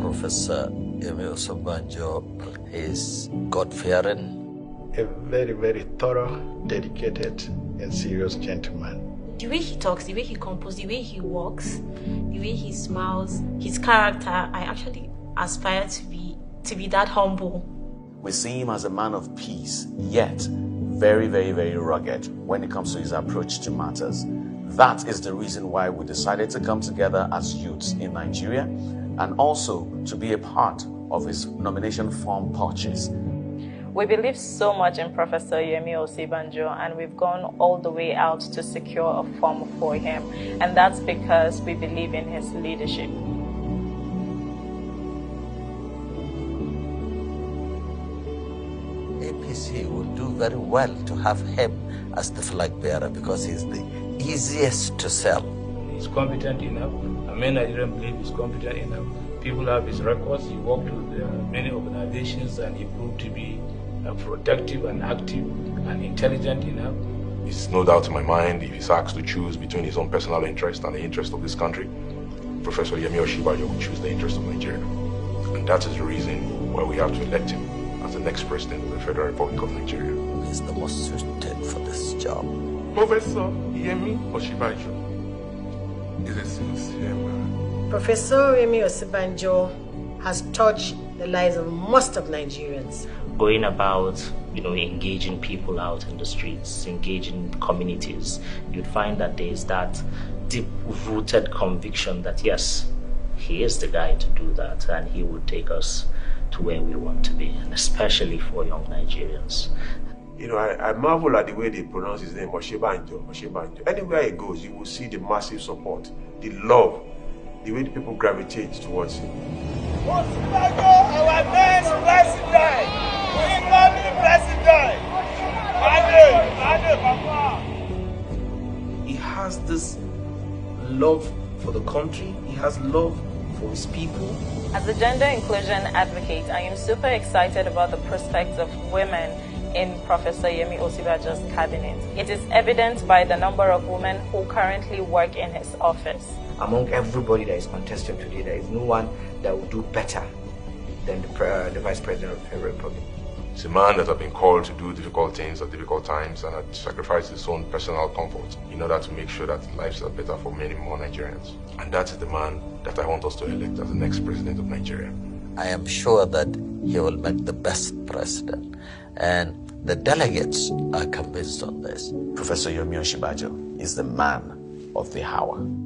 Professor Emil Sobanjo is God-fearing. A very, very thorough, dedicated, and serious gentleman. The way he talks, the way he composes, the way he walks, the way he smiles, his character, I actually aspire to be, to be that humble. We see him as a man of peace, yet very, very, very rugged when it comes to his approach to matters. That is the reason why we decided to come together as youths in Nigeria and also to be a part of his nomination form purchase. We believe so much in Professor Yemi Osibanjo, and we've gone all the way out to secure a form for him, and that's because we believe in his leadership. APC will do very well to have him as the flag bearer because he's the easiest to sell. He's competent enough. A man I didn't believe is competent enough. People have his records. He worked with uh, many organizations and he proved to be uh, productive and active and intelligent enough. It's no doubt in my mind if he's asked to choose between his own personal interest and the interest of this country, Professor Yemi Oshibayo will choose the interest of Nigeria. And that is the reason why we have to elect him as the next president of the Federal Republic of Nigeria. He's the most suited for this job. Professor Yemi Oshibayo. Professor Remy Osibanjo has touched the lives of most of Nigerians. Going about, you know, engaging people out in the streets, engaging communities, you'd find that there is that deep-rooted conviction that yes, he is the guy to do that and he would take us to where we want to be, and especially for young Nigerians you know, I, I, marvel at the way they pronounce his name, Oshibanjo, Oshibanjo. Anywhere he goes, you will see the massive support, the love, the way the people gravitate towards him. Oshibanjo, our next president! We love you, president! Ade, Ade, Papa! He has this love for the country, he has love for his people. As a gender inclusion advocate, I am super excited about the prospects of women in Professor Yemi Osibajo's cabinet. It is evident by the number of women who currently work in his office. Among everybody that is contesting today, there is no one that will do better than the, uh, the Vice President of the Republic. It's a man that has been called to do difficult things at difficult times and has sacrificed his own personal comfort in order to make sure that lives are better for many more Nigerians. And that is the man that I want us to elect as the next president of Nigeria. I am sure that he will make the best president. And the delegates are convinced on this. Professor Yomi Shibajo is the man of the hour.